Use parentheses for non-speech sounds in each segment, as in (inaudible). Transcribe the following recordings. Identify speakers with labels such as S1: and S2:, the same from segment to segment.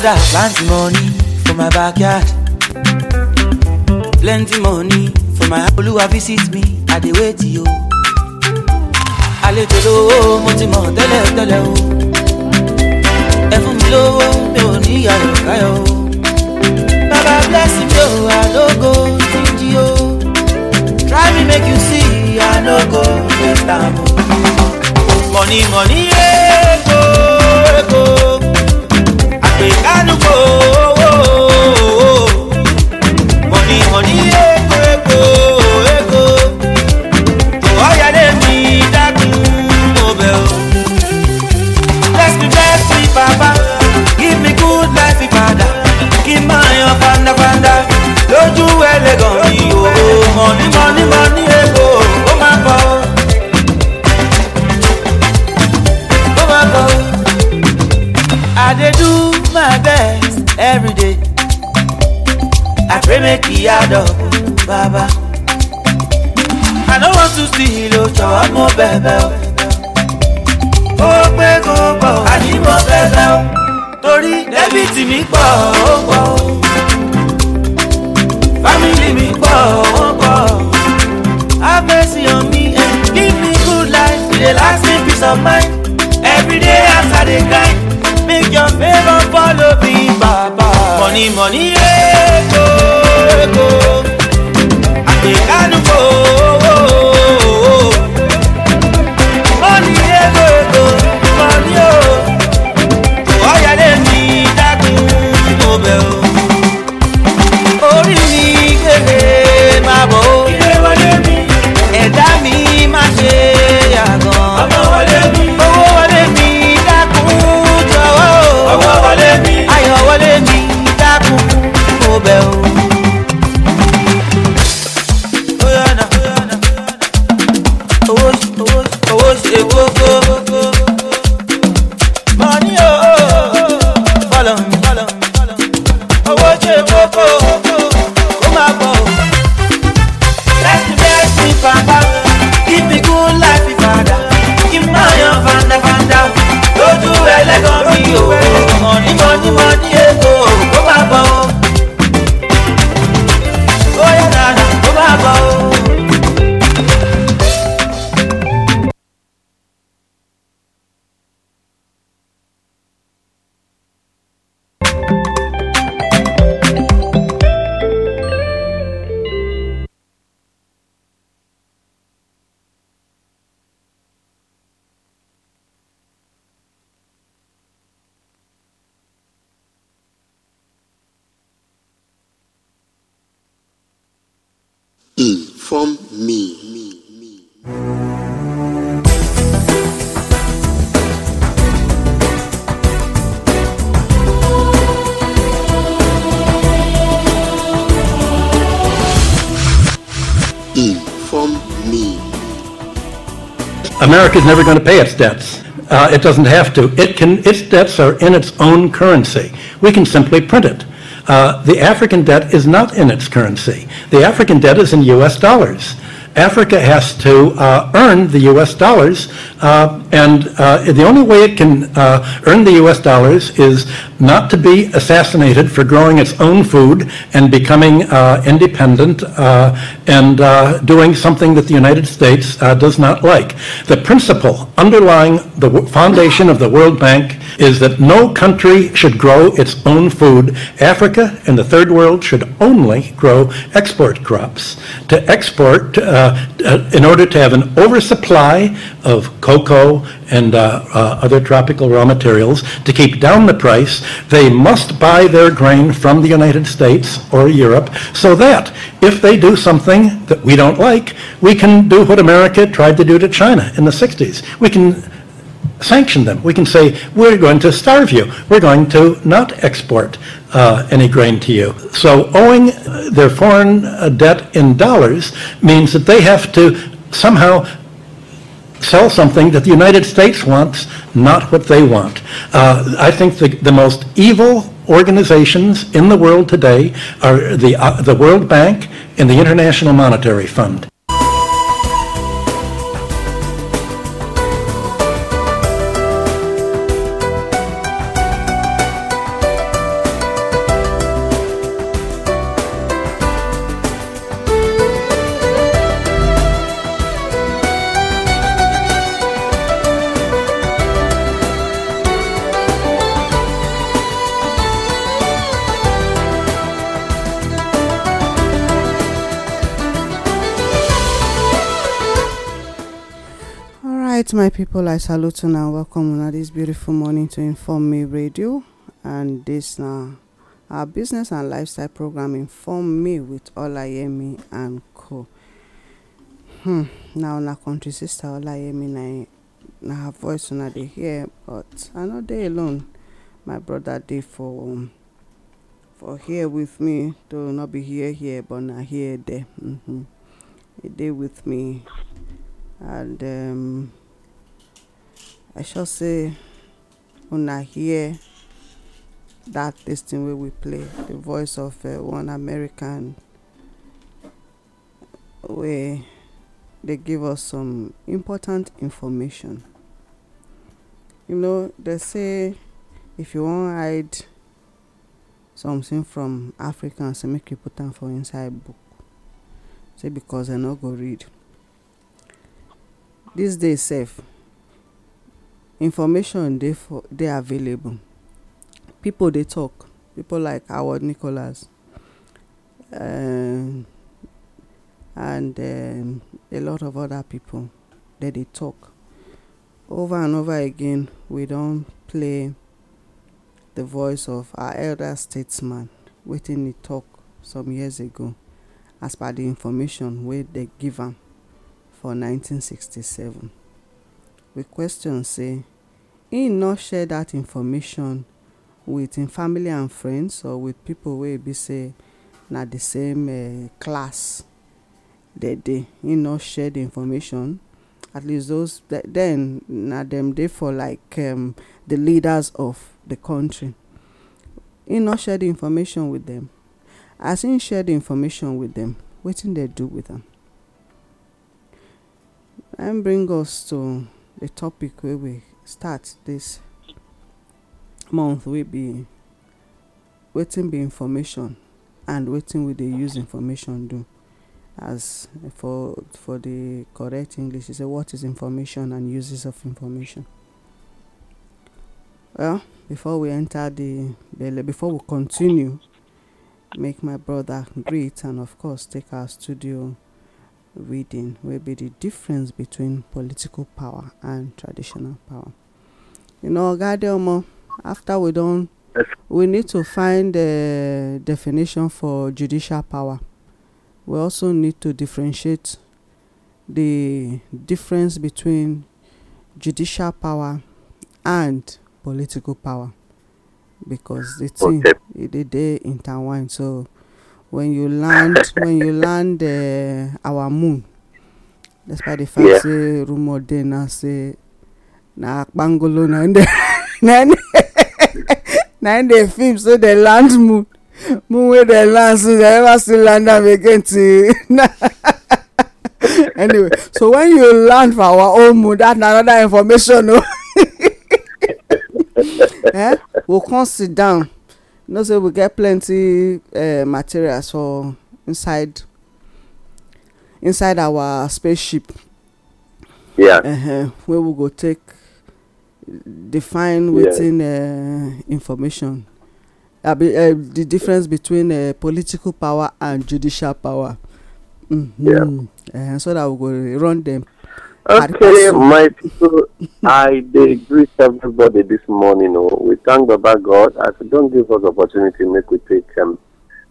S1: father plenty money for my backyard plenty money for my olúwa visit me i dey wait yo. àlejò lówó mo ti mọ̀ tẹ́lẹ̀ tẹ́lẹ̀ o ẹ fún mi lówó mi ò ní ìyàyọ̀ káyọ̀ o baba bless me o i no go jinji o try me make you see i no go waste money money ego ego. Money, money, owó mọ̀nì mọ̀nì èkó èkó èkó òwò ọ̀yàdé mi bless me bless me papa give me good life ìpadà kí n máa yan fandafanda lójú ẹlẹ́gàn mi oh, oh. o wey make e add up baba. I don't want to see ìlò jọ̀wọ́ mo bẹ̀bẹ̀ Oh, Ó go go. I need mo bẹ̀bẹ̀ Tori, Torí dẹ́bìtì mi pọ̀ ó pọ̀ o. Fámìlì mi pọ̀ ó pọ̀ o. on me and eh, give me good life. E last me peace of mind. Everyday as I dey grind. Make your favour follow me, Baba. Money, money, yeah. go. I think I know.
S2: America is never going to pay its debts. Uh, it doesn't have to. It can, its debts are in its own currency. We can simply print it. Uh, the African debt is not in its currency. The African debt is in US dollars. Africa has to uh, earn the U.S. dollars, uh, and uh, the only way it can uh, earn the U.S. dollars is not to be assassinated for growing its own food and becoming uh, independent and doing something that the United States does not like. The principle underlying the foundation of the World Bank is that no country should grow its own food. Africa and the Third World should only grow export crops. To export, uh, uh, uh, in order to have an oversupply of cocoa and uh, uh, other tropical raw materials to keep down the price, they must buy their grain from the United States or Europe so that if they do something that we don't like, we can do what America tried to do to China in the 60s. We can sanction them. We can say, we're going to starve you. We're going to not export uh, any grain to you. So owing their foreign uh, debt in dollars means that they have to somehow sell something that the United States wants, not what they want. Uh, I think the, the most evil organizations in the world today are the, uh, the World Bank and the International Monetary Fund.
S3: right my people i salute you and welcome on this beautiful morning to inform me radio and this na our business and lifestyle program inform me with olayemi and co hmm na country sister olayemi na na her voice una dey here, but i no dey alone my brother dey for um, for here with me to not be here here but na here there mm -hmm. he dey with me and um, i shall say when I hear that dis thing wey we play the voice of uh, one american wey they give us some important information you know they say if you wan hide something from africans say make you put them for inside book say because dem no go read This day safe information dey for dey available. People dey talk, people like Howard Nicholas um, and um, a lot of other people dem dey talk. Over and over again we don play the voice of our elder statesman wetin e talk some years ago as per the information wey dem give am for 1967. we question say he not share that information with im family and friends or with people wey be say na the same eh, class dem dey he not share the information at least those then na dem dey for like um, the leaders of the country He not share the information with them. as he share the information with them wetin they do with am And bring us to the topic wey we start this month wey be wetin be information and wetin we dey use information do as for for the correct english You e say what is information and uses of information well before we enter the belle before we continue make my brother greet and of course take our studio reading will be the difference between political power and traditional power. You know, Gadeomo, after we don't, we need to find a definition for judicial power. We also need to differentiate the difference between judicial power and political power because the thing okay. they, they intertwine. So when you land when you land eh, our moon despite the fact say rumour dey now say na kpangolo (laughs) (laughs) na im dey film say dem land moon moon wey dem land so dem never still land am again till (laughs) anyway so when you land for our own moon that na another information o oh. eh we come sit down you know say we get plenty eh, materials for inside inside our spaceship yeah uh-huh. Where we go take define wetin eh, information be eh, the difference between political power and judicial power mm-hmm. yeah uh-huh. so that we go run them.
S4: Okay, my people, I greet everybody this morning. Oh, we thank the Baba God as said, don't give us opportunity make we take um,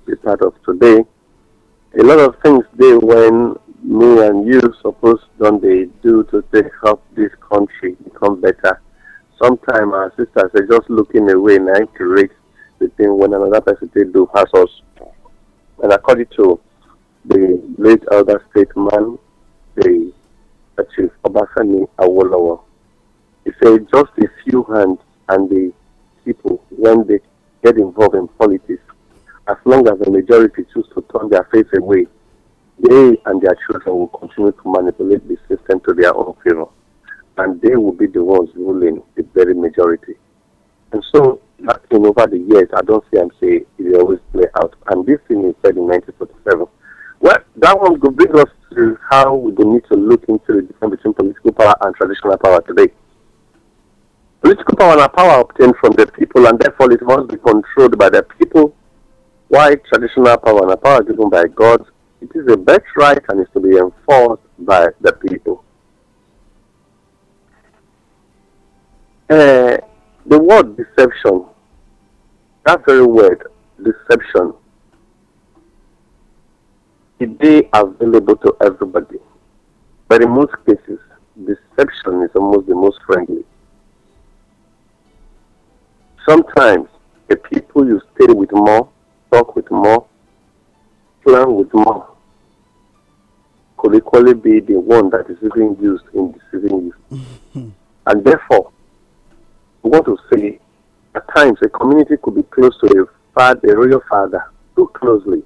S4: be part of today. A lot of things they when me and you suppose don't they do to take help this country become better. Sometimes our sisters are just looking away and I create the thing when another person they do has us. And according to the late elder statesman, the Chief Obafemi Awolowo. He said just a few hands and the people, when they get involved in politics, as long as the majority choose to turn their face away, they and their children will continue to manipulate the system to their own favor. And they will be the ones ruling the very majority. And so in over the years, I don't see and say it always play out. And this thing is said in 1947. Well, that one could bring us to how we need to look into the difference between political power and traditional power today. Political power and power obtained from the people, and therefore it must be controlled by the people. Why traditional power and power given by God? It is a birthright and is to be enforced by the people. Uh, the word deception, that very word, deception, today available to everybody. But in most cases, deception is almost the most friendly. Sometimes the people you stay with more, talk with more, plan with more, could equally be the one that is even used in deceiving you. (laughs) and therefore, we want to say, at times a community could be close to a father, a real father, too closely,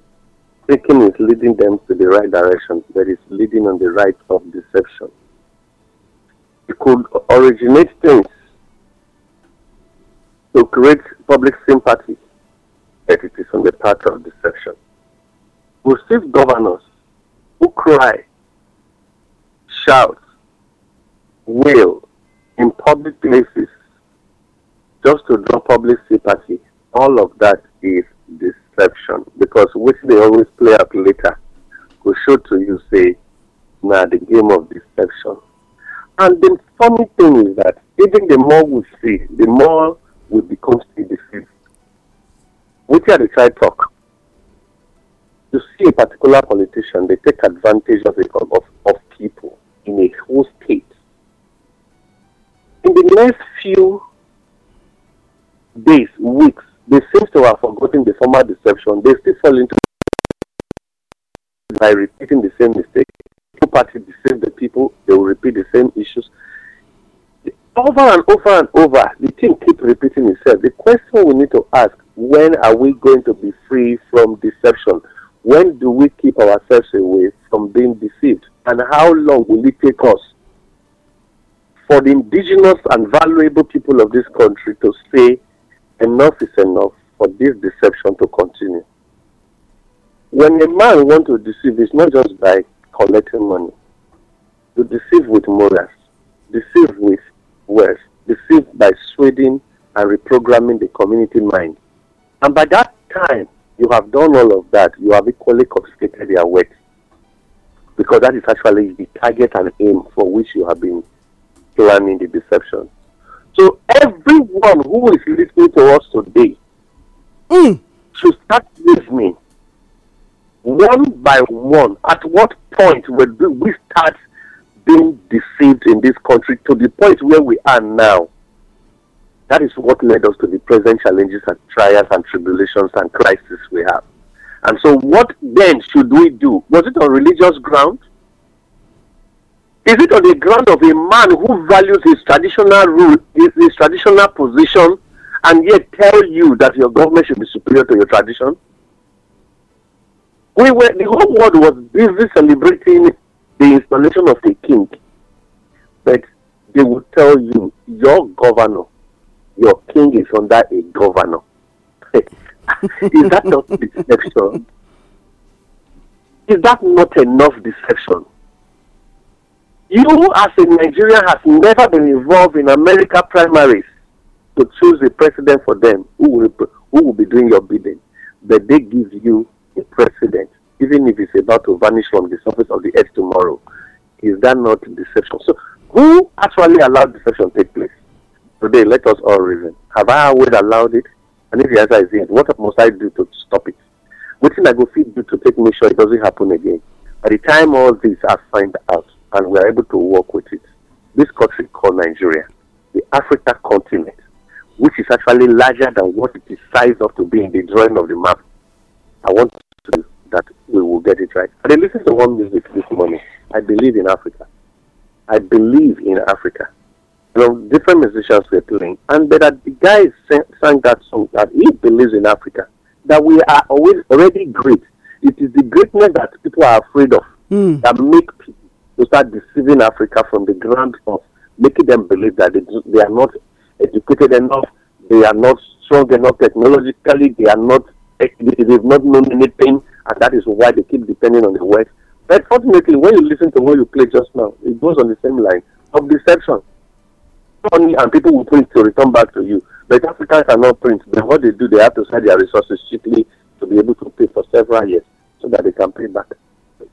S4: Speaking is leading them to the right direction, that is, leading on the right of deception. It could originate things to create public sympathy, that it is on the path of deception. We see governors who cry, shout, wail in public places just to draw public sympathy. All of that is deception exception because which they always play up later will show to you say, now nah, the game of deception. And the funny thing is that even the more we see, the more we become still deceived. Which are the side talk? You see a particular politician, they take advantage of, of, of people in a whole state. In the next few days, weeks, They seem to have forgotten the former deception. They still fall into by repeating the same mistake. Two parties deceive the people, they will repeat the same issues. Over and over and over, the thing keeps repeating itself. The question we need to ask when are we going to be free from deception? When do we keep ourselves away from being deceived? And how long will it take us for the indigenous and valuable people of this country to stay? enough is enough for this deception to continue. When a man wants to deceive, it's not just by collecting money. You deceive with morals, deceive with words, deceive by swaying and reprogramming the community mind. And by that time, you have done all of that. You have equally confiscated their wealth because that is actually the target and aim for which you have been planning the deception. So everyone who is to us today mm. start start me, one by one. At what point will we start being deceived in this country to the point where we are now? That is what led us to the present challenges and trials and tribulations and crises we have. And so, what then should we do? Was it on religious ground? Is it on the ground of a man who values his traditional rule, his, his traditional position, and yet tell you that your government should be superior to your tradition? We were, the whole world was busy celebrating the installation of the king, but they will tell you your governor, your king is under a governor. (laughs) is that not deception? Is that not enough deception? You, as a Nigerian, has never been involved in America primaries to choose a president for them who will, who will be doing your bidding. But they give you a president, even if it's about to vanish from the surface of the earth tomorrow. Is that not deception? So, who actually allowed deception to take place? Today, let us all reason. Have I always allowed it? And if the answer is yes, what must I do to stop it? What can I go do to take make sure it doesn't happen again? By the time all this are found out and we are able to work with it, this country called Nigeria, the Africa continent, which is actually larger than what it is sized up to be in the drawing of the map. I want to that we will get it right. I listen to one music this morning. I believe in Africa. I believe in Africa. You know, different musicians were playing, and that the guy sang that song that he believes in Africa, that we are always already great. It is the greatness that people are afraid of mm. that make people start deceiving Africa from the ground up, making them believe that they, they are not educated enough, they are not strong enough technologically, they are not, they've not known anything, and that is why they keep depending on the West. But fortunately, when you listen to what you played just now, it goes on the same line of deception. Money and people will print to return back to you. But Africans cannot print. But what they do, they have to sell their resources cheaply to be able to pay for several years so that they can pay back.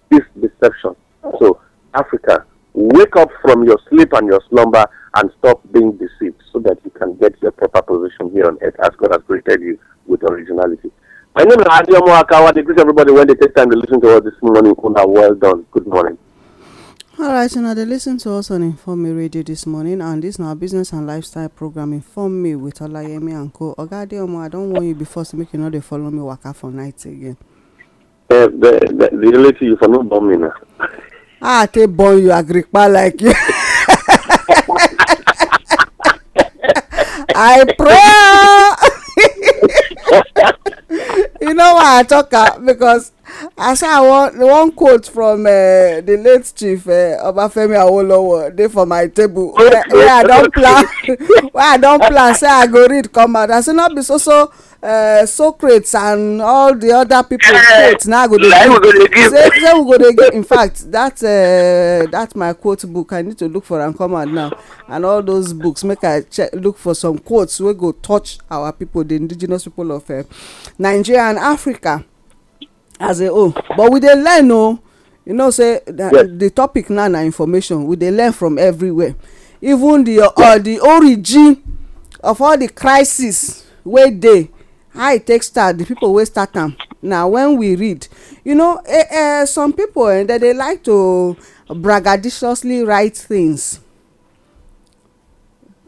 S4: This deception. So, Africa wake up from your sleep and your slumber and stop being deceived so that you can get your proper position here on earth as God has created you with originality. My name is Adi Omoakawa. I greet everybody when they take time to listen to us this morning. Una, well done. Good morning.
S3: All right, you now they listen to us on Inform Me Radio this morning, and this is our business and lifestyle program Inform Me with Olayemi and Co. Ogade Omo, I don't want you before to make you know they follow me waka for night again.
S4: Uh, the, the, the reality you follow me now. (laughs)
S3: ah take born you agrippa like you i pray (laughs) you know why i talk am because i say i wan one quote from uh, the late chief uh, obafemi awolowo dey for my table wey i don plan (laughs) wey i don plan say i go read come out i say no be so so uh, socrates and all the other people eh, quote Now i go dey give say say we go dey give in fact that uh, that my quote book i need to look for am come out now and all those books make i check look for some quotes wey go touch our people the indigenous people of uh, nigeria and africa as a whole but we dey learn o oh. you know say the, yes. the topic now na information we dey learn from everywhere even the uh, the origin of all the crisis wey dey how e take start the people wey start am na when we read you know eh, eh, some people eh, they dey like to braggadociously write things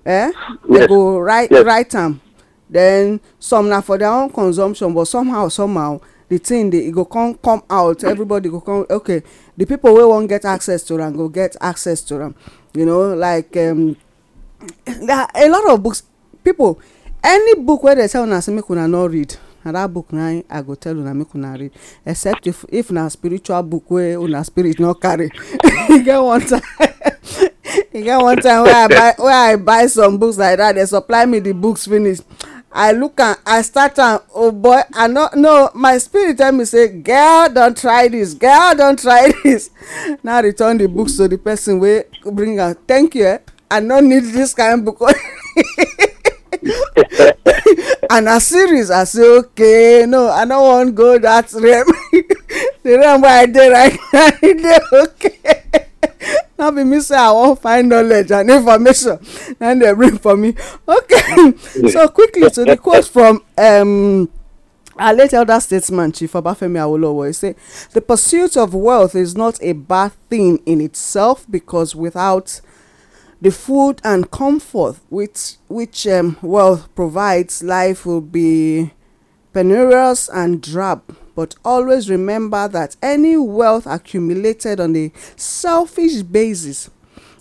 S3: eh yes. they go write yes. write am then some na for their own consumption but somehow somehow the thing dey e go come come out everybody go come okay the people wey wan get access to am go get access to am you know like um, a lot of books people any book wey dem tell una say oh, make una no read na that book na i go tell una make una read except if if na spiritual book wey una oh, spirit no carry e (laughs) get one time e (laughs) get one time wey i buy wey i buy some books like that dem supply me the books finish i look am i start am oh boy i no no my spirit tell me say girl don try this girl don try (laughs) this now return the books to the person wey bring am thank you eh i no need this kind book and as serious i say okay no i no wan go that realm (laughs) the realm wey i dey right now e dey okay na be me say i wan find knowledge and information na dem bring for me okay (laughs) so quickly to the quote from. Um, Our late elder statesman, Chief Obafemi Awolowo, he say, The pursuit of wealth is not a bad thing in itself because without The food and comfort which, which um, wealth provides, life will be penurious and drab. But always remember that any wealth accumulated on a selfish basis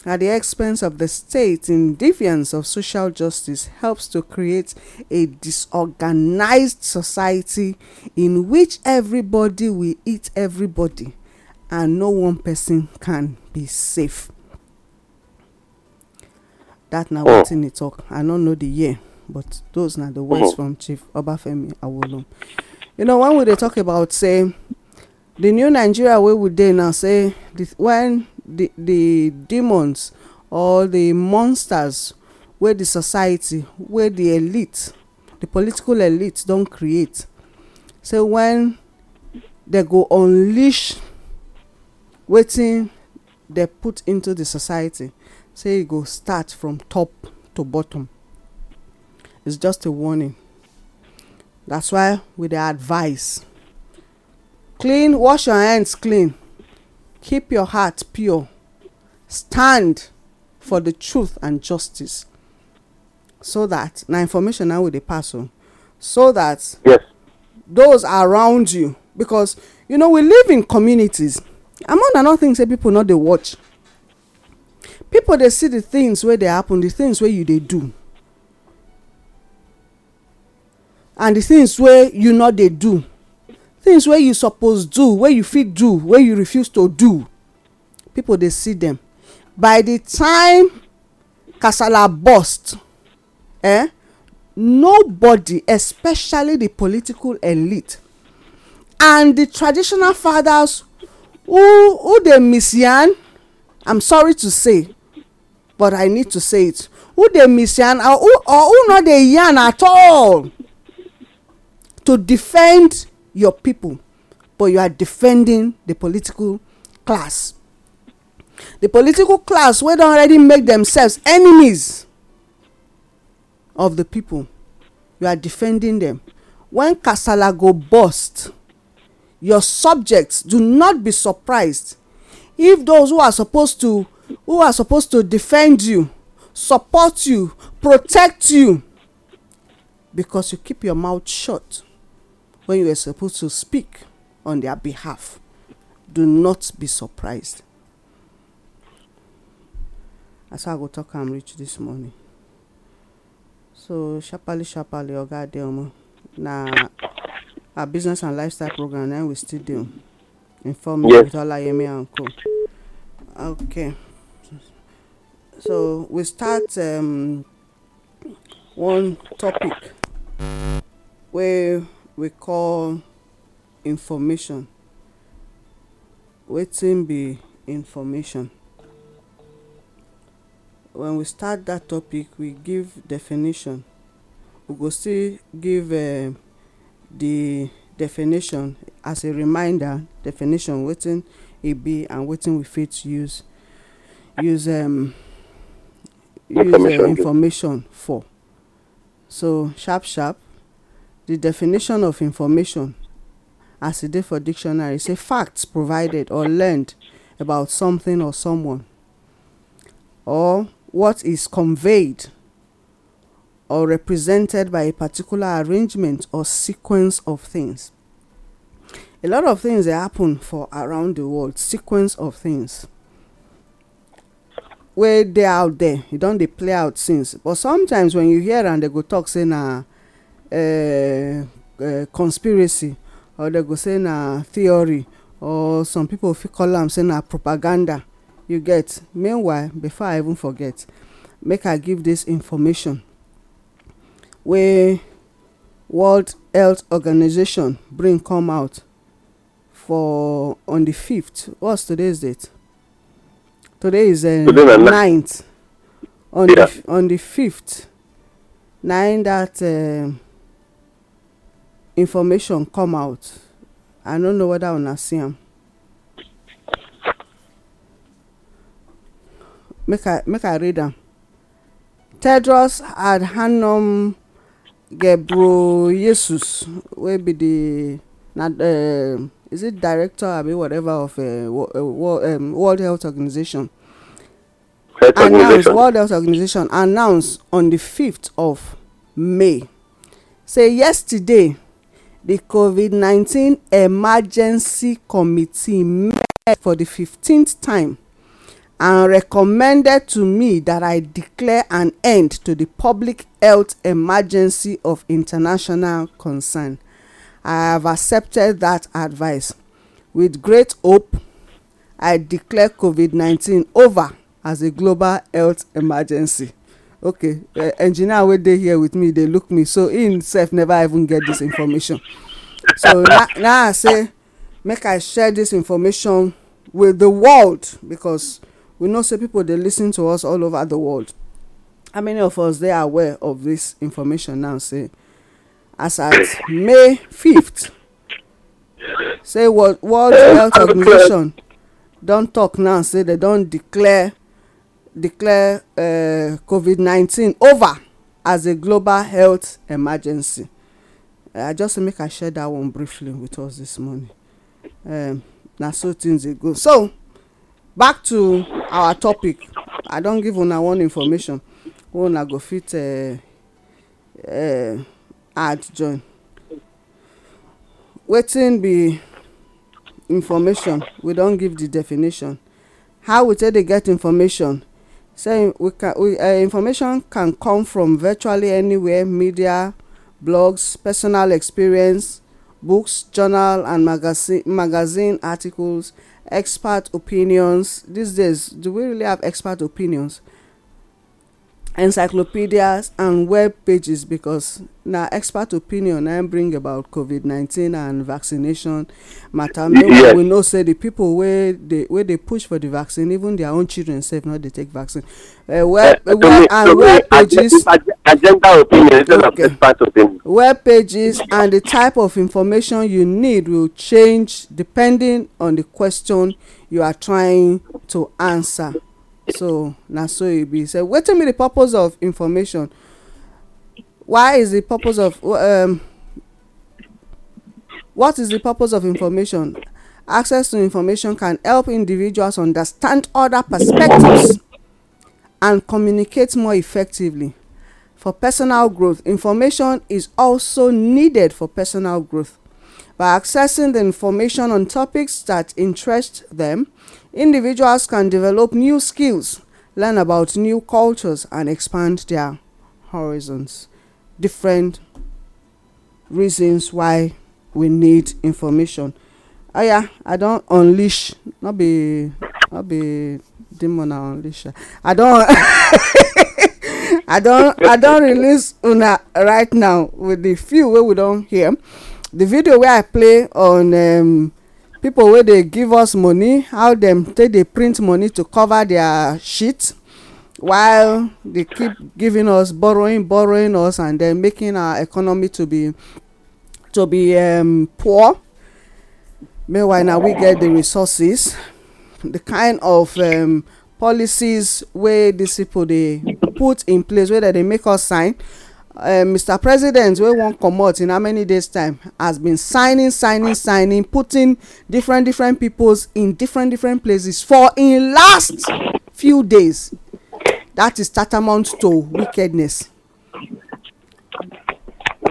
S3: at the expense of the state in defiance of social justice helps to create a disorganized society in which everybody will eat everybody and no one person can be safe. That na wetin e talk. i no know the year but those na the words mm-hmm. from chief obafemi awolowo you know when we dey talk about say the new nigeria wey we dey now say when the the demons or the monsters wey the society wey the elite the political elite don create say when they go unleash wetin they put into the society say e go start from top to bottom it's just a warning that's why we dey advise clean wash your hands clean keep your heart pure stand for the truth and justice so that na information na we dey pass on oh. so that yes. those around you because you know we live in communities among another things, say people no dey watch people dey see the things wey dey happen the things wey you dey do and the things wey you no dey do things wey you suppose do wey you fit do wey you refuse to do people dey see them by the time kasala burst eh nobody especially the political elite and the traditional fathers who who dey misyan i'm sorry to say but i need to say it who dey misyan or who or who no dey yan at all to defend your people but you are defending the political class the political class wey don already make themselves enemies of the people you are defending them when kasala go burst your subjects do not be surprised if those who are supposed to who are supposed to defend you support you protect you because you keep your mouth shut when you are supposed to speak on their behalf do not be surprised as i go talk am reach this morning so sharparly sharparly oga adeomo na our business and lifestyle program na we still dey inform me yes. with olayemi and co okay. So we start um, one topic wey we call information. Wetin be information? When we start that topic we give definition, we go still give um uh, di definition as a reminder definition wetin e be and wetin we fit use use um use uh, information for. So sharp sharp, the definition of information as e for dictionary say facts provided or learned about something or someone or what is conveyed or represented by a particular arrangement or sequence of things. A lot of things that happen for around the world, sequence of things. wey dey out there e don dey play out since but sometimes when you hear am they go talk say na eh, eh, conspiracy or they go say na theory or some people fit call am say na propaganda you get meanwhile before i even forget make i give this information wey world health Organization bring come out for on the 5th what's today's date today is um, today ninth on yeah. the on the fifth nine that um, information come out i no know whether una see am make i make i read am tedros adhanom ghebreyesus wey be the na. Uh, is it director abi whatever of uh, uh um, World Health Organization Health announced World Health Organization announced on the fifth of May say yesterday the covid nineteen emergency committee met for the fifteenth time and recommended to me that I declare an end to the public health emergency of international concern. I have accepted that advice. With great hope, I declare COVID 19 over as a global health emergency. Okay, uh, engineer wey dey here with me dey look me so him sef never even get this information. So now, now I say make I share this information with the world because we know say people dey lis ten to us all over the world. How many of us dey aware of this information now say as at may fifth, th say world health organization don talk now say dem don declare declare uh, covid nineteen over as a global health emergency uh, i just make i share that one briefly with us this morning um, na so things dey go so back to our topic i don give una one information wey una go fit uh, add join wetin be information we don give the definition how we take dey get information say we can we uh, information can come from virtually anywhere media blogs personal experience books journal and magazine magazine articles expert opinions these days do we really have expert opinions encyclopedias and web pages because na expert opinion na bring about covid nineteen and vaccination matter make yes. we know say the people wey dey wey dey push for the vaccine even their own children sef no dey take vaccine uh, web, uh, web me, and web pages agenda
S4: opinion instead okay. of expert opinion
S3: web pages and the type of information you need will change depending on the question you are trying to answer so na so e be so wetin be the purpose of information why is the purpose of um, what is the purpose of information access to information can help individuals understand other perspectives and communicate more effectively for personal growth information is also needed for personal growth by accessing the information on topics that interest them individuals can develop new skills, learn about new cultures, and expand their horizons. Different reasons why we need information. Oh yeah, I don't unleash. Not be, not be demon. I unleash. Ah. I don't. (laughs) I don't. I don't release una right now with the few where we don't hear. The video where I play on um, People wey dey give us money how dem take dey print money to cover their shit while they keep giving us borrowing borrowing us and then making our economy to be to be um, poor meanwhile na we get the resources the kind of um, policies wey these people dey put in place wey dem dey make us sign Eh, mr president wey wan comot in how many days time has been signing signing signing putting different different peoples in different different places for in last few days that is tantamount to wickedness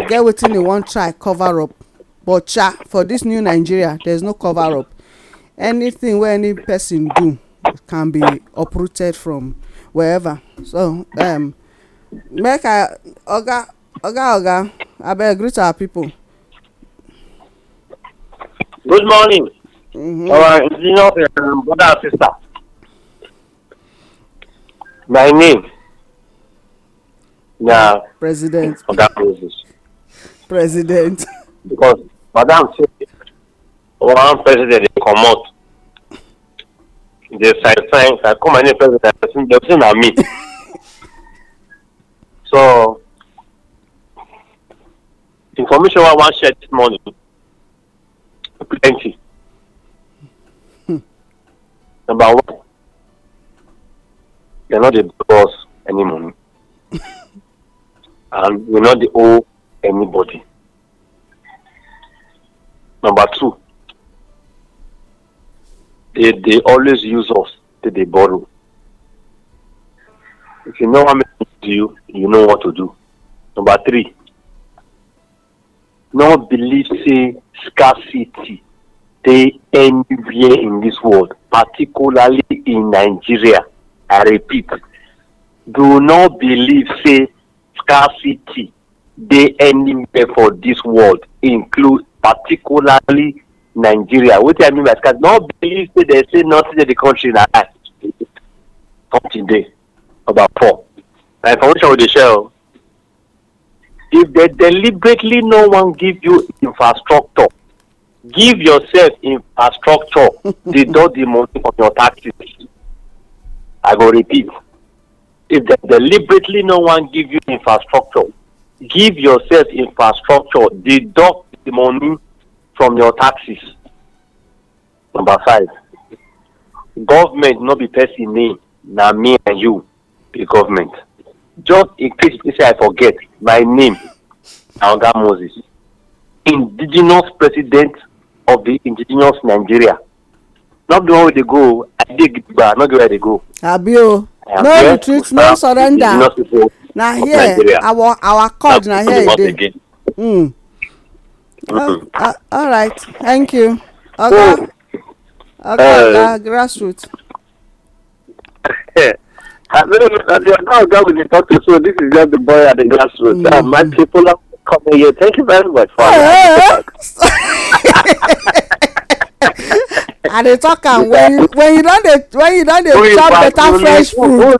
S3: get wetin you wan try cover up but cha for this new nigeria there is no cover up anything wey any person do can be uprooted from wherever so um, make i oga oga oga abeg greet our people.
S4: good morning. Mm -hmm. our indigenous um, brother and sister. my name na president oga moses.
S3: president.
S4: (laughs) because madam say one president dey comot dey sign sign i call my name president i say na me. (laughs) So, information I want shared this morning plenty. Hmm. Number one, they're not the boss anymore, (laughs) and we're not the owe anybody. Number two, they they always use us to they borrow. If you know how many you, you know what to do. Number three, no believe say scarcity They anywhere in this world, particularly in Nigeria. I repeat, do not believe say scarcity They anywhere for this world, include particularly Nigeria. What do I mean by scarcity? No believe say there say nothing in the country na lie. Something there about four na information we dey share if they deliberately no wan give you infrastructure give yourself infrastructure deduct the money from your taxes i go repeat if they deliberately no wan give you infrastructure give yourself infrastructure deduct the money from your taxes number five government no be person name na me and you be government just in case you say I forget my name na Oga Moses indigenous president of the indigenous Nigeria not the one where they go I dey gidigba no get where they go.
S3: Abio.
S4: o no retreat no surrender
S3: Now here our our code Now here e dey. Mm. Oh, uh, all right thank you oga Okay. Oh. oga uh, grassroots.
S4: (laughs) I mean, the other guy we talk to, so this (laughs) is just the boy at the grassroots. Mm. Uh, my people are coming here. Thank you very much for uh,
S3: And they talk and uh, when you when you don dey when you don dey chop better fresh food wait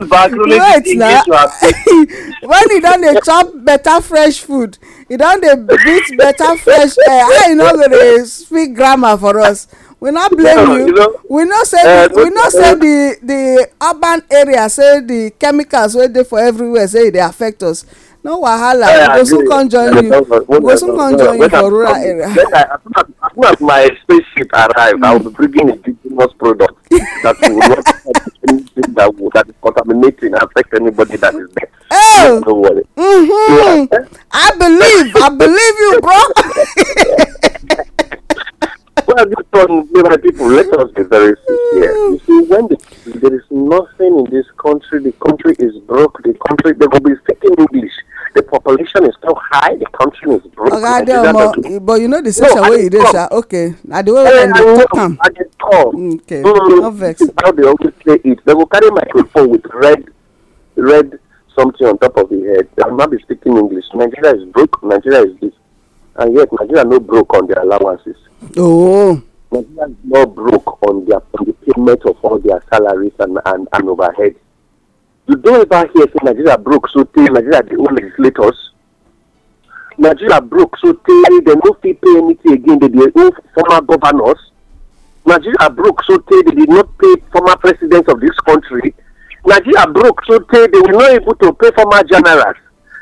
S3: na (laughs) when you don dey chop better fresh food you don dey beat better fresh air uh, how you no go dey speak grammar for us we no blame you, we no say uh, we no uh, say the the urban area say the chemicals wey dey for everywhere say e dey affect us no wahala we go soon come join
S4: you we go soon come join you for rural area. as soon as my spaceship arrive i will be (laughs) bringing a indigenous product that will not (laughs) anything that will that is contaminating affect anybody that is there. oh don't
S3: Mm -hmm. i believe i believe you bro. (laughs)
S4: well, this one, my people, let us be very sincere. You see, when the, there is nothing in this country, the country is broke. The country, they will be speaking English. The population is so high, the country is broke. Okay, Adele,
S3: but you know the session no, where you did, okay. I do. way eh, when I
S4: get talk. Okay, mm, no vex. How they always say it. They will carry microphone with red, red something on top of the head. They will not be speaking English. Nigeria is broke. Nigeria is this. And yet, Nigeria no broke on their allowances.
S3: Oh.
S4: Nigerians not broke on their on the payment of all their salaries and, and, and overhead. You don't ever hear say Nigeria broke, so tell Nigeria the own legislators. Nigeria broke, so tell they no fit pay anything again. They the old former governors. Nigeria broke, so tell they did not pay former presidents of this country. Nigeria broke, so tell they were not able to pay former generals.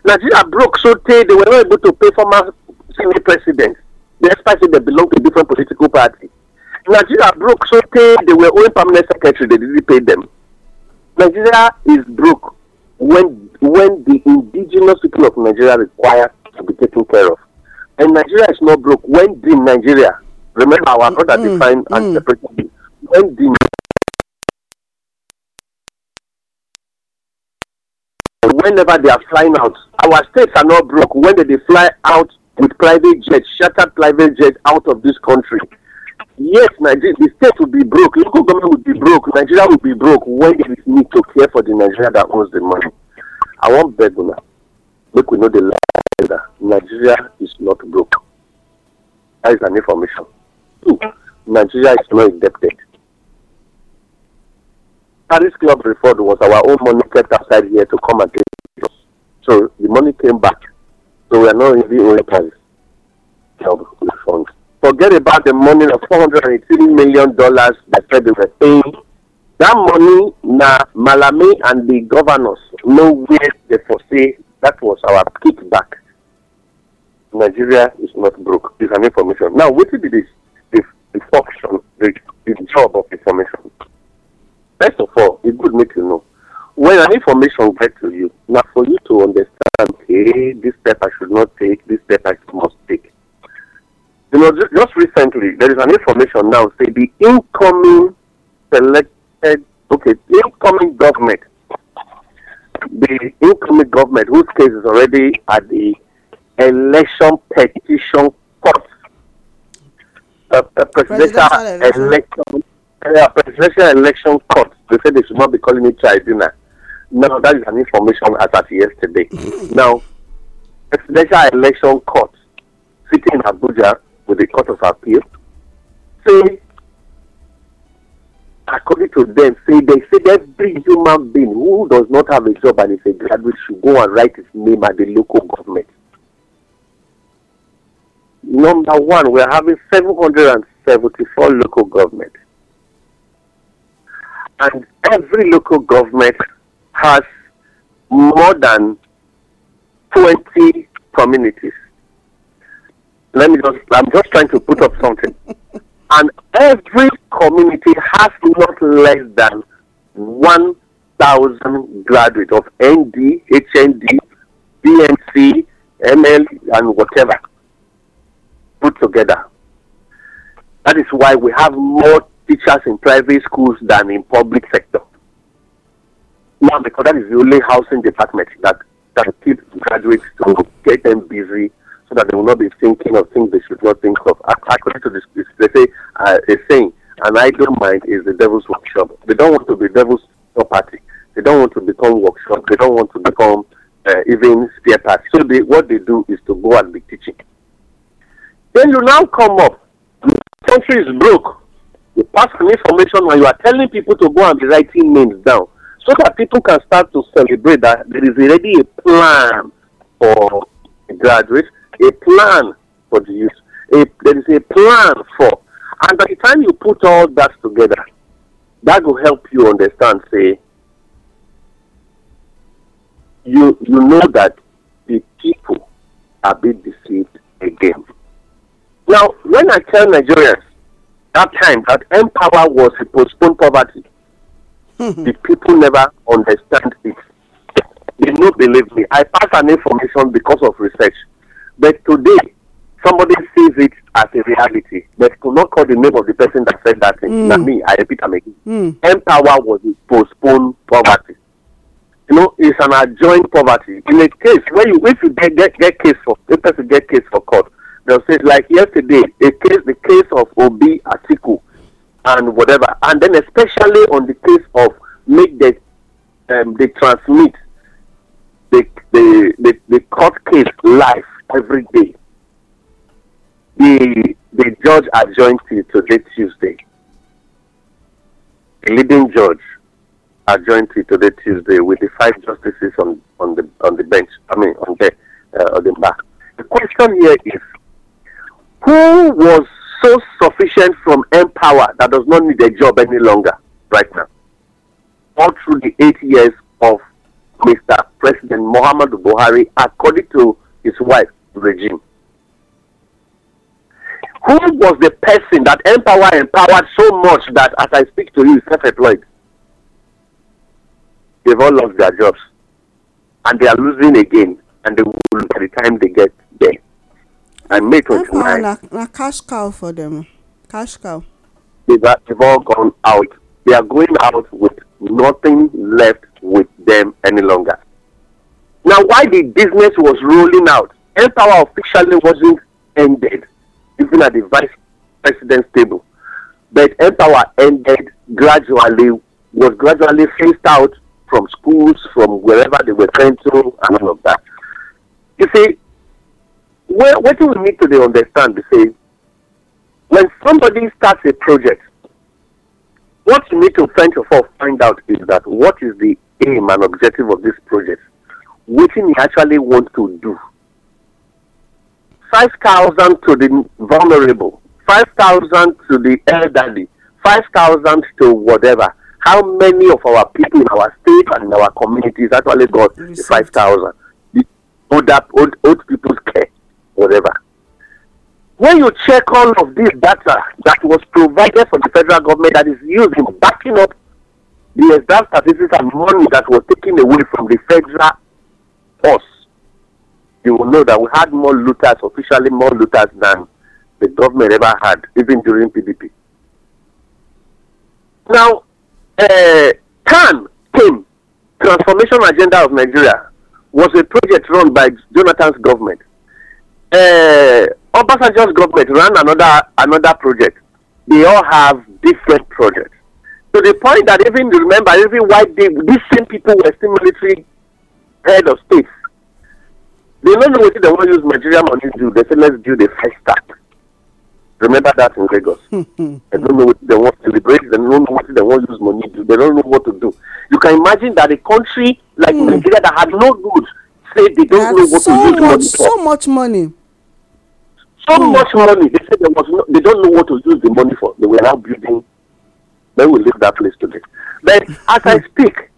S4: Nigeria broke, so tell they were not able to pay former senior presidents. despite saying they belong to a different political party. Nigeria broke, so they, they were only permanent secretary, they didn't pay them. Nigeria is broke when when the indigenous people of Nigeria require to be taken care of. And Nigeria is not broke when the Nigeria, remember our mm, brother mm, defined mm. and separated, when the whenever they are flying out, our states are not broke when they, they fly out with private jets, shattered private jets out of this country. Yes, Nigeria, the state will be broke, local government will be broke, Nigeria will be broke when there is need to care for the Nigeria that owns the money. I want beg una we know the lie Nigeria is not broke. That is an information. Two, Nigeria is not indebted. Paris Club report was our own money kept outside here to come and take us. So the money came back So we are not really only times the fund. Forget about the money of four hundred and $418 million dollars that Federal were paying. That money, na Malami and the governors know where they foresee that was our kickback. Nigeria is not broke. This is an information. Now, what did this? The, the function, the, the job of information. First of all, it's good make you know when an information get to you na for you to understand hey this step i should not take this step i must take you know just, just recently there is an information now say the incoming selected okay the incoming government the incoming government whose case is already at the election petition court uh, uh, presidential, presidential election, election uh, presidential election court they say they should not be calling it tribunal Now, that is an information as at yesterday. Mm. now, Presidential Election Court, sitting in Abuja with the Court of Appeal, say, according to them, say they said every human being who does not have a job and is a graduate should go and write his name at the local government. Number one, we are having 774 local government. And every local government has more than 20 communities. Let me just, I'm just trying to put up something. (laughs) and every community has not less than 1,000 graduates of ND, HND, BNC, ML, and whatever put together. That is why we have more teachers in private schools than in public sector now because that is the only housing department that that keeps graduates to get them busy so that they will not be thinking of things they should not think of. According to this, they say uh, a saying, an idle mind is the devil's workshop. They don't want to be devil's property. They don't want to become workshop. They don't want to become uh, even spare parts. So they, what they do is to go and be teaching. Then you now come up. The country is broke. You pass an information and you are telling people to go and be writing names down. so that people can start to celebrate that there is already a plan for graduates, a plan for the youth, a, there is a plan for. And by the time you put all that together, that will help you understand, say, you, you know that the people are being deceived again. Now, when I tell Nigerians that time that empower was a postponed poverty, (laughs) the people never understand it. They don't believe me. I pass an information because of research. But today, somebody sees it as a reality. But to not call the name of the person that said that thing, mm. not me, I repeat, I'm again. Mm. Empower was postponed poverty. You know, it's an adjoined poverty. In a case where you, if you get, get, get case for, if person get case for court, they'll say, like yesterday, a case, the case of Obi Atiku, and whatever. And then especially on the case of make the um, they transmit the, the, the, the court case live every day. The, the judge adjourned till today Tuesday. The leading judge adjourned till today Tuesday with the five justices on, on the on the bench. I mean on the uh, on the back. The question here is who was so sufficient from Empower that does not need a job any longer right now. All through the eight years of Mr. President Muhammad Buhari, according to his wife, regime. Who was the person that Empower empowered so much that as I speak to you, self employed? They've all lost their jobs. And they are losing again, and they will by the time they get there and May a Na,
S3: na cash cow for them. Cash cow.
S4: They've, they've all gone out. They are going out with nothing left with them any longer. Now, why the business was rolling out, Empower officially wasn't ended, even at the vice president's table. But Empower ended gradually, was gradually phased out from schools, from wherever they were sent to, and all of that. You see, where, what do we need to understand say when somebody starts a project, what you need to first of all find out is that what is the aim and objective of this project, what do you actually want to do. 5,000 to the vulnerable, 5,000 to the elderly, 5,000 to whatever. How many of our people in our state and in our communities actually got 5,000? The that old, old people's care. whatever. When you check all of this data that was provided for the federal government that is used in backing up the exam statistics and money that was taken away from the federal us, you will know that we had more looters, officially more looters than the government ever had, even during PDP. Now, uh, TAN came, Transformation Agenda of Nigeria, was a project run by Jonathan's government uh, Obasanjo's government ran another another project. They all have different projects. To the point that even remember, even why they, these same people were still military head of state. They don't know what they want to use Nigerian money to do. They say let's do the first stack. Remember that in Lagos. Hmm, hmm, hmm. they don't know what they want to liberate. They don't know what they want to use money to do. They don't know what to do. You can imagine that a country like mm. Nigeria that had no goods say they don't know what so to use money for. So much money. so mm. much money. They said there was no, they don't know what to use the money for. They were now building. Then we leave that place today. But as I hmm. speak,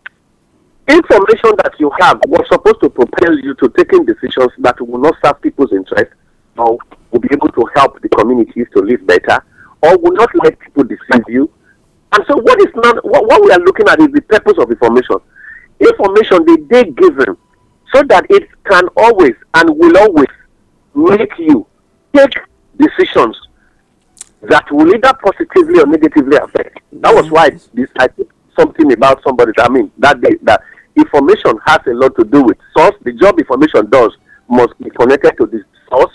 S4: information that you have was supposed to propel you to taking decisions that will not serve people's interest or will be able to help the communities to live better or will not let people deceive you. And so what is not what, what we are looking at is the purpose of information. Information that give given so that it can always and will always make you take decisions that will either positively or negatively affect. That was mm. why this I think something about somebody. I mean that they, that information has a lot to do with source. The job information does must be connected to the source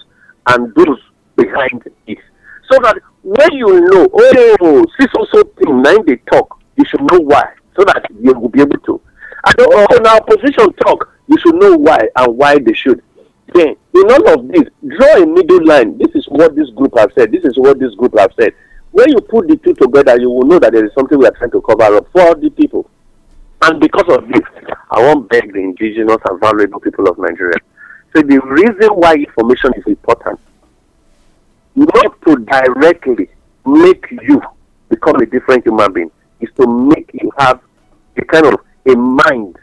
S4: and those behind it, so that when you know oh see so so thing nine they talk, you should know why, so that you will be able to. And when our position talk, you should know why and why they should then in all of this draw a middle line this is what this group has said this is what this group has said when you put the two together you will know that there is something we are trying to cover up for the people and because of this i want beg the indigenous and vulnerable people of nigeria so the reason why information is important not to directly make you become a different human being is to make you have a kind of a mind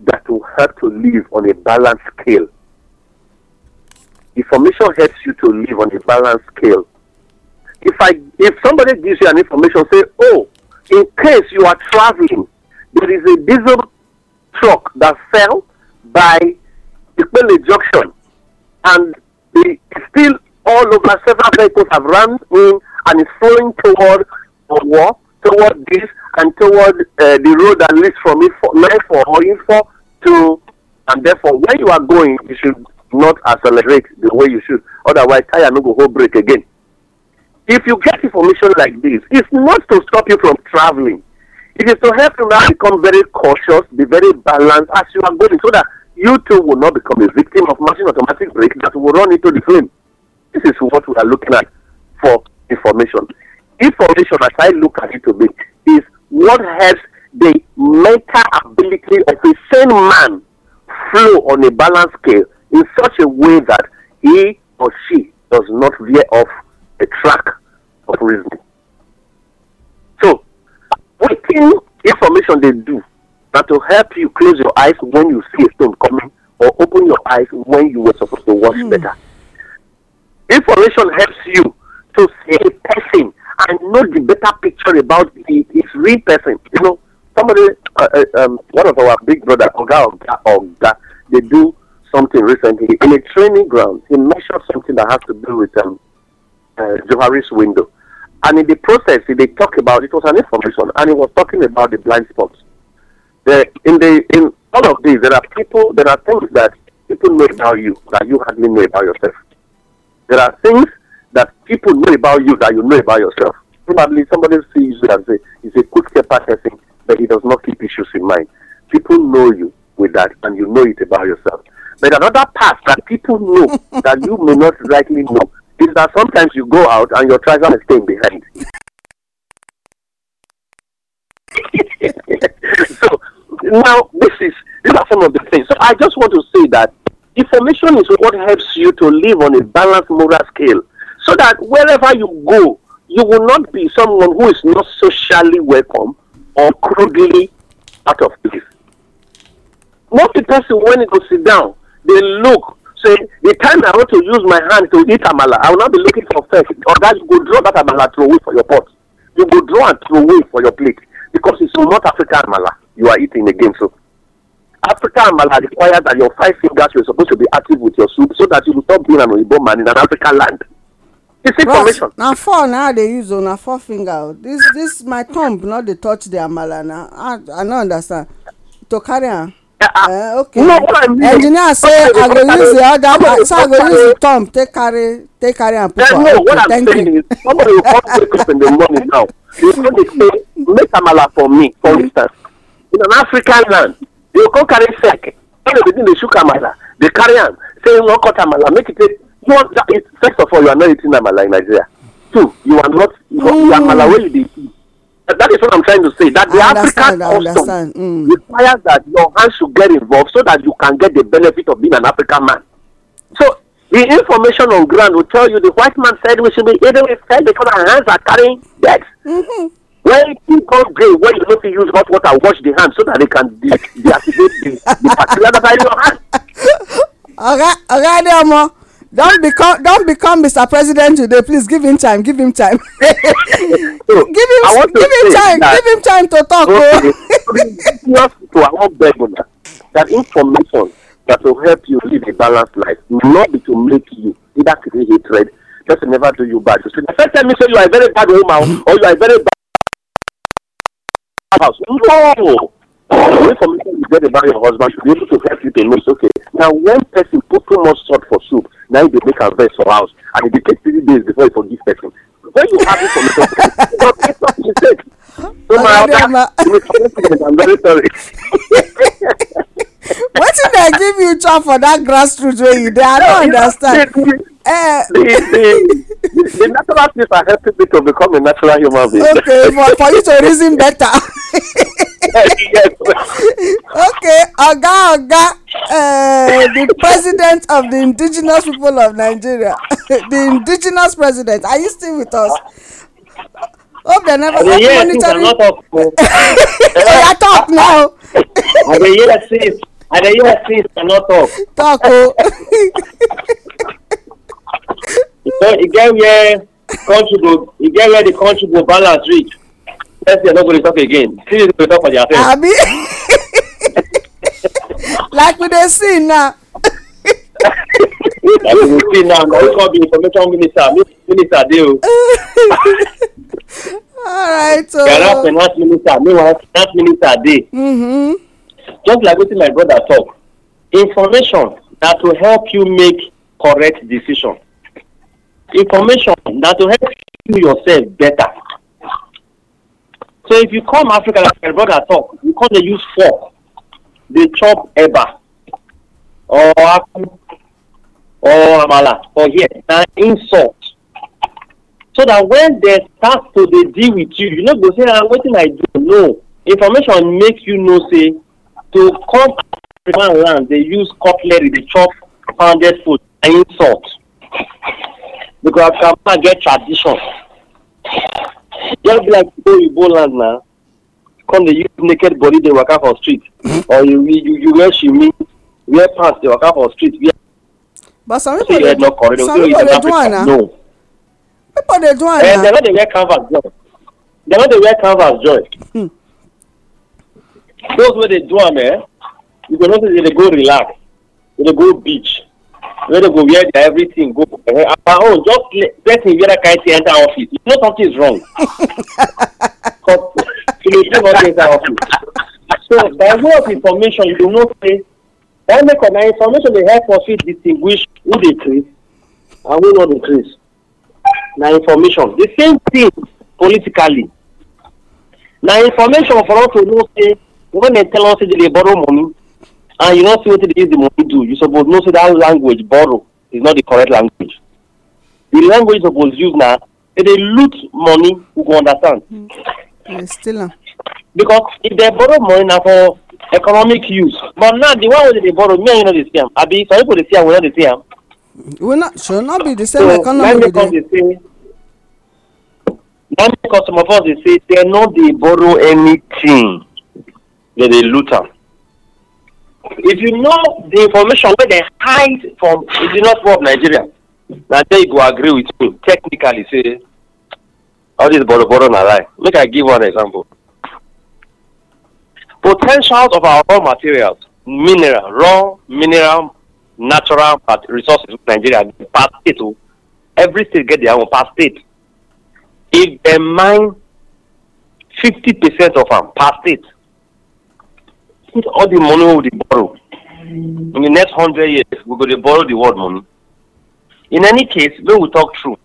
S4: that will help to live on a balanced scale information helps you to live on a balanced scale. If I if somebody gives you an information, say, oh, in case you are traveling, there is a diesel truck that fell by Ipele Junction, and the still all over several vehicles have run in and is flowing toward Owo, toward this, and toward uh, the road that leads from Ifo, for or for to, and therefore, where you are going, you should not accelerate the way you should otherwise tire no go hold brake again if you get information like this it's not to stop you from traveling it is to help you now become very cautious be very balanced as you are going so that you too will not become a victim of machine automatic brake that will run into the flame this is what we are looking at for information information as i look at it to be is what helps the mental ability of a sane man flow on a balanced scale in such a way that he or she does not veer off the track of reasoning. So, within information they do that will help you close your eyes when you see a stone coming or open your eyes when you were supposed to watch mm. better. Information helps you to see a person and know the better picture about the, his real person. You know, somebody, uh, uh, um, one of our big brother, Oga Oga Oga, they do something recently in a training ground. He measured something that has to do with um, uh, Johari's window, and in the process, they talk about it was an information, and he was talking about the blind spots. The, in the in all of these, there are people, there are things that people know about you that you hardly know about yourself. There are things that people know about you that you know about yourself. Probably somebody sees you and say, "He's a quick stepper person, but he does not keep issues in mind. People know you with that, and you know it about yourself. But another part that people know that you may not rightly know is that sometimes you go out and your trousers is staying behind. (laughs) so now this is these are some of the things. So I just want to say that information is what helps you to live on a balanced moral scale, so that wherever you go, you will not be someone who is not socially welcome or crudely out of place. Not the person when it will sit down dey look say the time i want to use my hand to eat amala i will not be looking for first oga you go draw that amala throway for your pot you go draw and throway for your plate because it's not african amala you are eating again so african amala requires that your five fingers were supposed to be active with your soup so that you will stop being an oyibo man in an african land it's information.
S3: na four na i dey use o oh, na four finger oh. this this my thumb no dey touch the amala na i i no understand to carry am. Uh, okay engineer say i go use the other so i go use the thumb take carry take carry am put for okay thank
S4: you. somebody go come wake up in the morning now you go dey say make amala for me for mm-hmm. instance in an african land you go come carry sec when they begin dey shook amala dey carry am say you wan cut amala make you take you wan first of all you are not eating amala in nigeria two you are not you are amala mm. wey you dey eat that is what I'm trying to say. That the African custom mm. requires that your hands should get involved so that you can get the benefit of being an African man. So the information on ground will tell you the white man said we should be eating with fed because our hands are carrying dead. Mm-hmm. When people grey, when you need to use hot water, wash the hands so that they can deactivate the, the particular
S3: that are in your hands? (laughs) ọ̀gá ọ̀gá dé ọmọ Don't become don't become mr president today please give him time give him time so, (laughs) give him give him time give him time to talk o.
S4: serious oh. to our government that information that will help you live a balanced life not be to make you either create hatred just never do you bad. So the first time you say you are a very bad woman or you are a very bad house no. The me. you get about your husband to be able to help you to know, okay, now one person put too much salt for soup, now they make a verse for house, and it e take three days before you forgive person. When you have for me, it's not mistake. So my (laughs) you to other, I'm very sorry. (laughs)
S3: (laughs) wetin dey give you chop for that grassroots wey you dey i no
S4: understand. Eh. the the natural things are helping me to become a natural human being. (laughs) Okay, for, for you to reason better.
S3: yes. (laughs) okay, Oga Oga, uh, the president of the indigenous people of Nigeria, (laughs) the indigenous president, are you still with us? Hope they never stop yes, monitoring.
S4: Yes, talk. Oya talk now. I dey hear sis, I dey hear sis cannot talk. Talk o. Oh e get where country go e get where the country go balance reach next year no go dey talk again see you talk for their face. abi
S3: like we dey see now.
S4: like we dey see now na who come be information minister minister dey o.
S1: alright o. ghana
S4: finance minister meanwhile finance minister dey.
S1: Mm -hmm.
S4: just like wetin my brother talk information na to help you make correct decision information na to help you yourself better so if you come africa like my brother talk you come dey use fork dey chop eba or akpu or amala for here na insult so that when they start to dey deal with you you no go say ah wetin i do no information make you know say to come african land dey use cutlery dey chop pounded food na insult because some man get tradition just be like go oyibo land na come dey use naked body dey waka for street mm-hmm. or you you you wear shimi wear pants dey waka for street wear. but some
S3: people dey some people dey do am na people dey do am na. dem no dey wear
S4: canvas join dem no dey wear canvas join. Hmm. those wey dey do am eh you go know say dem dey go relax dem dey go beach wey dey go wear their everything go uh, eh, our own just let person wear that kind thing enter office you know something is wrong because (laughs) you dey see enter office so by way of information you go know say one make my information dey help us fit distinguish who dey craze and who no dey craze na information the same thing politically na information for us to know say when dem tell us say dem dey borrow money and you don't see wetin dey use the money do you suppose know say that language borrow is not the correct language the language you suppose use na they dey loot money we go understand. Mm. still because if they borrow money na for economic use but now the one wey dem dey borrow me and you no dey see am abi some people dey see am we no dey see am. we no should not be the same so, economy we dey. dey na make us some of first. dey say they no dey borrow anything They dey loot am if you know the information wey dem hide from the north part of nigeria na there you go agree with me technically say all this boroboro na lie make i give one example potentials of our raw materials mineral raw mineral natural resources nigeria per state o oh, every state get their own per state if dem mine fifty percent of am per state put all the money we dey borrow in the next hundred years we go dey borrow the world money in any case make we talk true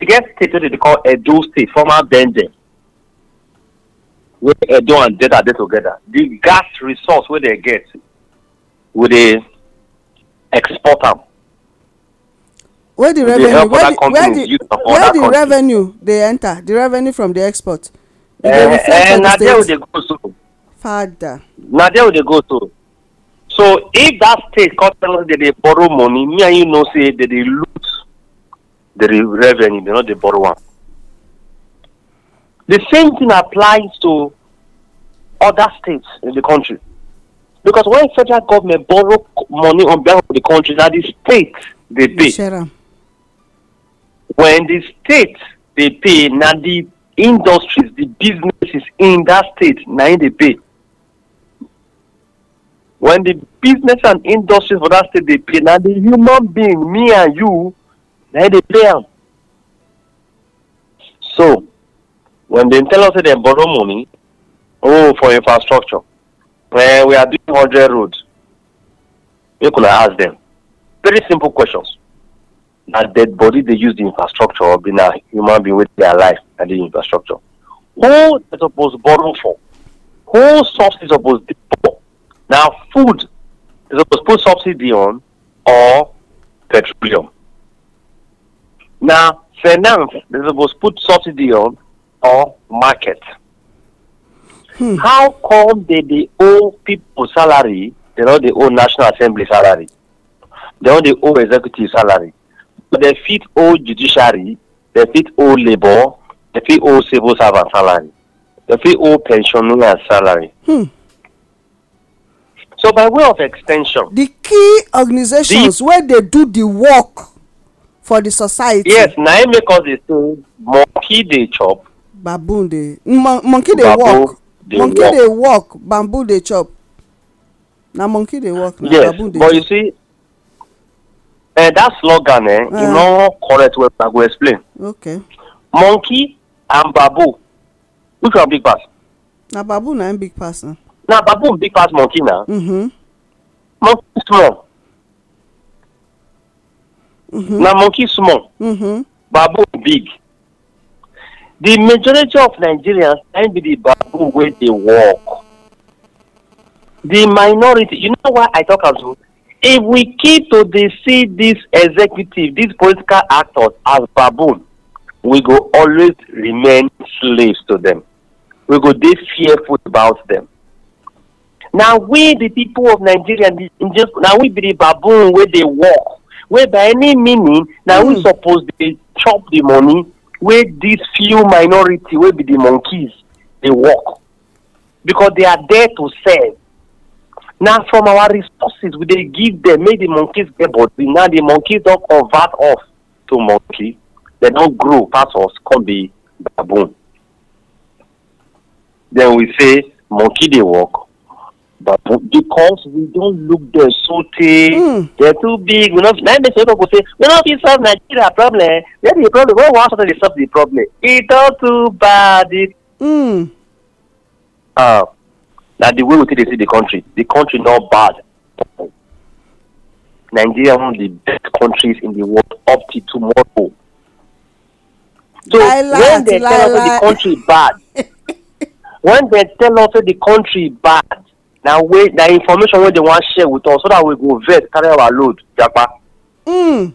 S4: e get state wey dem dey call edo state former benje wey edo and delta dey together the gas resource wey dem get we dey export am. where the revenue where the where the revenue
S3: dey enter the revenue from the export.
S4: Uh, uh, na there we dey father na there we dey go to so if that state come tell us dem dey borrow money me and you know say they dey lose the revenue They no dey borrow am the same thing applies to other states in the country because when federal government borrow money on behalf of the country na the state dey pay when the state dey pay na the industries the businesses in that state na im dey pay when the business and industries for that state dey pay now the human being me and you they they pay am so when they tell us say dem borrow money oh for infrastructure where we are doing hundred road you can ask them very simple questions na dead body they use the infrastructure or be a human being with their life and the infrastructure who supposed to borrow for who subsidy supposed to? Now, food is supposed to put subsidy on or petroleum. Now, finance is supposed to put subsidy on or market. Hmm. How come they, they owe people salary? They know they owe National Assembly salary. They know they owe executive salary. But they fit owe judiciary, they fit owe labor, they fit owe civil servant salary, they fit owe pensioner salary. Hmm so by way of extension. the
S3: key organisations wey dey do the work for the society. yes
S4: na im make us dey say monkey dey chop.
S3: baboon dey monkey dey work monkey dey work bamboo dey chop na monkey dey work na yes, baboon dey chop.
S4: yes but you see uh, that slogan eh, uh. Eh. e no correct well i go explain. okay. monkey and baboon which one big pass. na baboon na im big pass. Huh? Eh na baboon big pass monkey na mm-hmm. monkey small mm-hmm. na monkey small mm-hmm. baboon big The majority of nigerians na be di baboon wey dey work The minority you know why i talk am so if we keep to dey see dis executive dis political actors as baboon we go always remain slaves to dem we go dey fearful about dem na we the people of nigeria na we be the baboon wey dey work wey by any meaning na we mm. suppose dey chop the money wey dis few minority wey be the monkeys dey work because they are there to serve na from our resources we dey give dem make the monkeys get body now the monkeys don convert us to monkey They don grow pass us come be baboon then we say monkey dey work But because we don't look there so thick, mm. they're too big. We not then they say people say, we not fit solve Nigeria problem. That's the problem. When one suddenly solve the problem, it's all too bad. It, mm. uh, ah, na the way we take dey see the country, the country not bad. Nigeria one of the best countries in the world up to tomorrow. So Lila, when they tell us the country bad, (laughs) when they tell us the country bad, na wey na information wey dem wan share with us so that we go vet carry our load japa. Mm.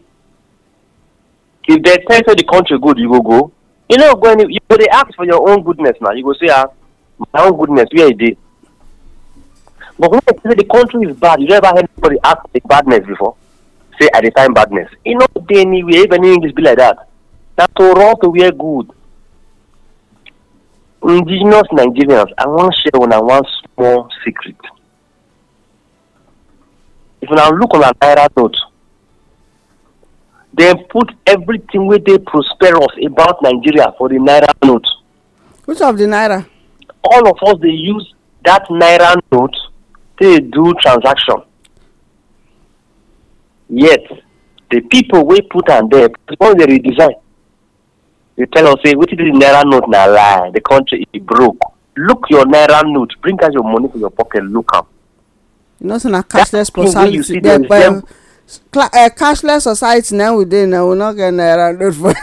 S4: if dem tell you say the country good you go go you no go any you go dey ask for your own goodness na you go say ah my own goodness where e dey but when you say the country is bad you ever hear anybody ask the badness before say i dey find badness e no dey anywhere if any english be like that na to run to where good indigenous Nigerians, I want to share on one small secret. If you now look on a Naira note, they put everything where they prosperous about Nigeria for the Naira note. Which of the Naira? All of us, they use that Naira note to do transaction. Yet, the people we put on there, because they redesign, They tell us, say, what is the Naira note na lie? The country is broke. Look your Naira note. Bring out your money from your pocket. Look up.
S3: You know, it's a eh, cashless society. There, but, uh, cashless society now we did now we're not getting Naira note for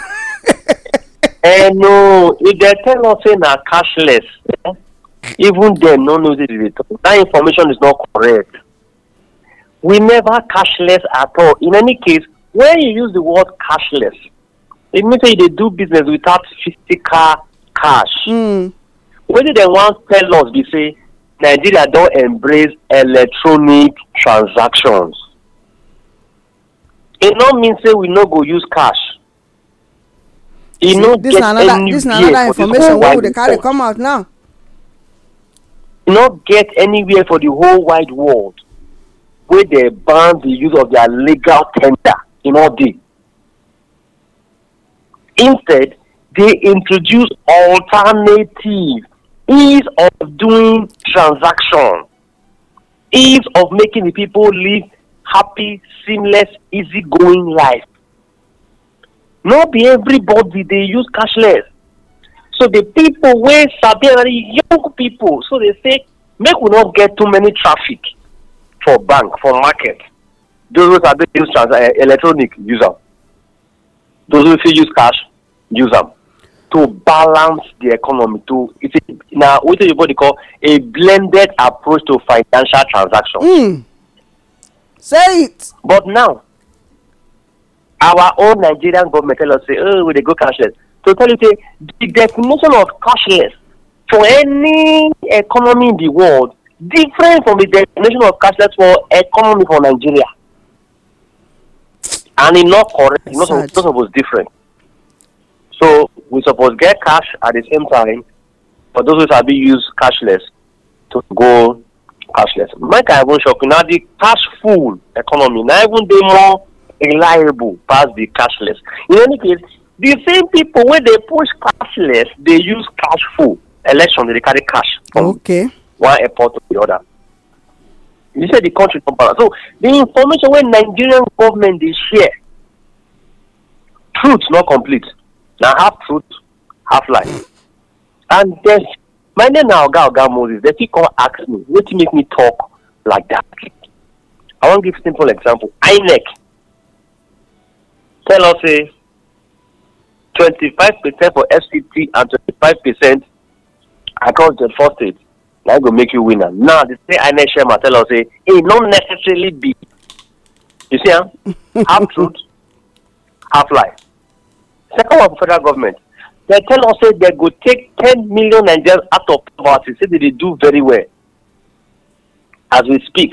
S4: (laughs) eh, no, if they tell us say na cashless, eh? even them no know say they talk. That information is not correct. We never cashless at all. In any case, when you use the word cashless, It means say they do business without physical cash. Mm. Whether they want tell us, they say Nigeria don't embrace electronic transactions. It e not mean say we no go use cash. It e See, no get another, any this another information where they carry come out now. It e not get anywhere for the whole wide world where they ban the use of their legal tender in all day. Instead, they introduce alternative ease of doing transaction, ease of making the people live happy, seamless, easygoing life. Not be everybody they use cashless. So the people where Sabi young people, so they say, make we not get too many traffic for bank, for market. Those who are use trans- eh, electronic user. those wey fit use cash use am to balance the economy to it's a na wetin oyibo dey call a blended approach to financial transactions. Mm. say it. but now our own nigerian government tell us say oh we dey go cashless to tell you say the definition of cashless for any economy in the world different from the definition of cashless for economy for nigeria and e not correct not e no suppose different so we suppose get cash at the same time but those wey sabi used cashless to go cashless make i even shock you na the cash full economy na even dey more reliable past the cashless in any case the same people when they push cashless they use cash full election they carry cash from one airport to the other You said the country Kampala. So the information when Nigerian government they share, truth not complete. Now half truth, half lie. And then my name now Oga Oga Moses, they keep on ask me, what make me talk like that? I want to give simple example. INEC tell us say twenty-five percent for FCT and twenty-five percent across the four na e go make you winner now the same inec chairman tell us say e no necessarily be you see am ah, (laughs) half truth half lie second one for federal government They tell us say they go take ten million nigerians out of poverty say that they do very well as we speak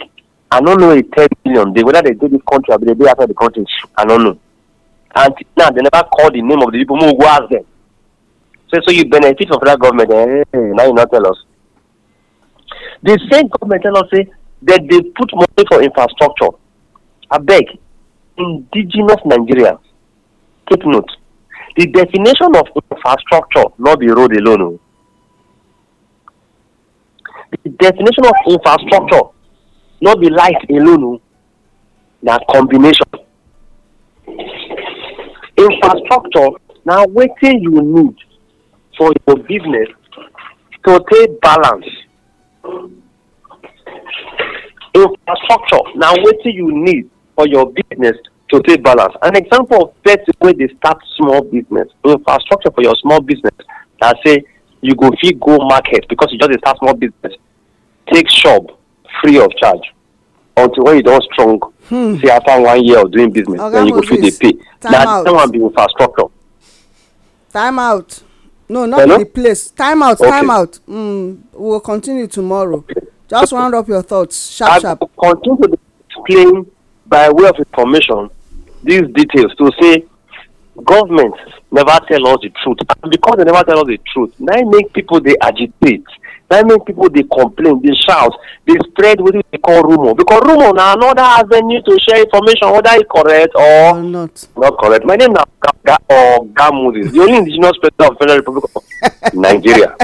S4: i don't know a ten million They whether they do this country or they do outside the country i don't know and now they never call the name of the people who we go ask dem say so you benefit from federal government eh, eh, eh now you not tell us the same government tell us say that they put money for infrastructure abeg indigenous nigerians take note the definition of infrastructure no be road alone o oh. the definition of infrastructure no be light alone o oh, na combination infrastructure na wetin you need for your business to take balance infrastructure na wetin you need for your business to take balance an example of person wey dey start small business infrastructure for your small business na say you go fit go market because you just dey start small business take shop free of charge until when you don strong hmm. say after one year of doing business then you go fit dey pay na that one be infrastructure
S3: time out no not Hello? the place time out okay. time out mm, we will continue tomorrow okay. just round up your thoughts sharp I sharp. i will continue to
S4: explain by way of information these details to say government never tell us the truth and because they never tell us the truth na make people dey agitate that make people dey complain dey shout dey spread wetin we dey call rumour because rumour na another avenue to share information whether e correct or not. not correct my name na oga oga moses the only indigenous president of federal republic of nigeria. (laughs)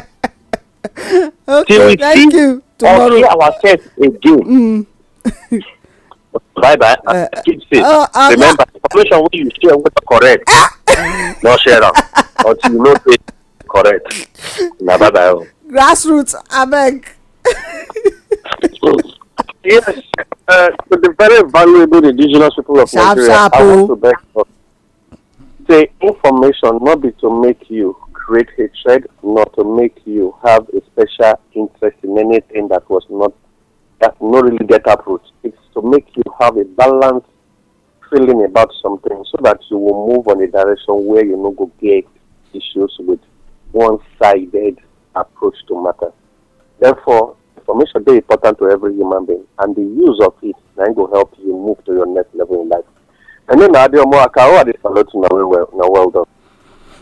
S1: okay Till we thank see you tomorrow or see
S4: ourselves again. Mm. bye bye (laughs) uh, keep safe uh, uh, remember uh, information wey you share wey correct (laughs) no share am until you know say correct na bye bye o.
S3: grassroots I beg. (laughs)
S4: yes uh, the very valuable indigenous people of sharp, nigeria sharp, i want oh. to beg for information not be to make you create hatred not to make you have a special interest in anything that was not that no really get uprooted. it's to make you have a balanced feeling about something so that you will move on a direction where you no go get issues with one-sided approach to matter. Therefore, information very important to every human being, and the use of it then will help you move to your next level in life. And then, Adiomo Akaro, I salute you well done.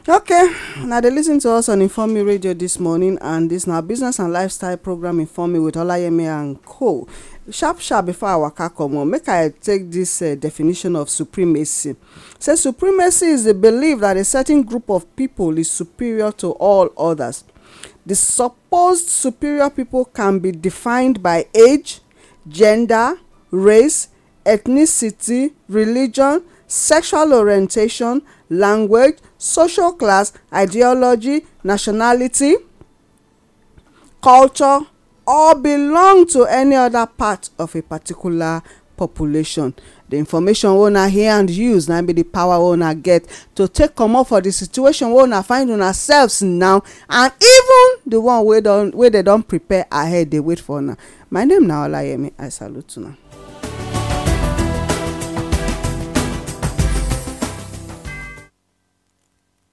S3: okay now they listen to us on inform me radio this morning and this now business and lifestyle program inform me with olayemi and co sharp sharp before i come on. make i take this uh, definition of supremacy say supremacy is the belief that a certain group of people is superior to all others The supposed superior people can be defined by age, gender, race, ethnicity, religion, sexual orientation, language, social class, ideology, nationality, culture, or belong to any other part of a particular population. The information wey una hear and use na be the power wey una get to take comot for the situation wey una find una selves now and even the one wey dem don prepare ahead dey wait for una my name na olayemi i salute una.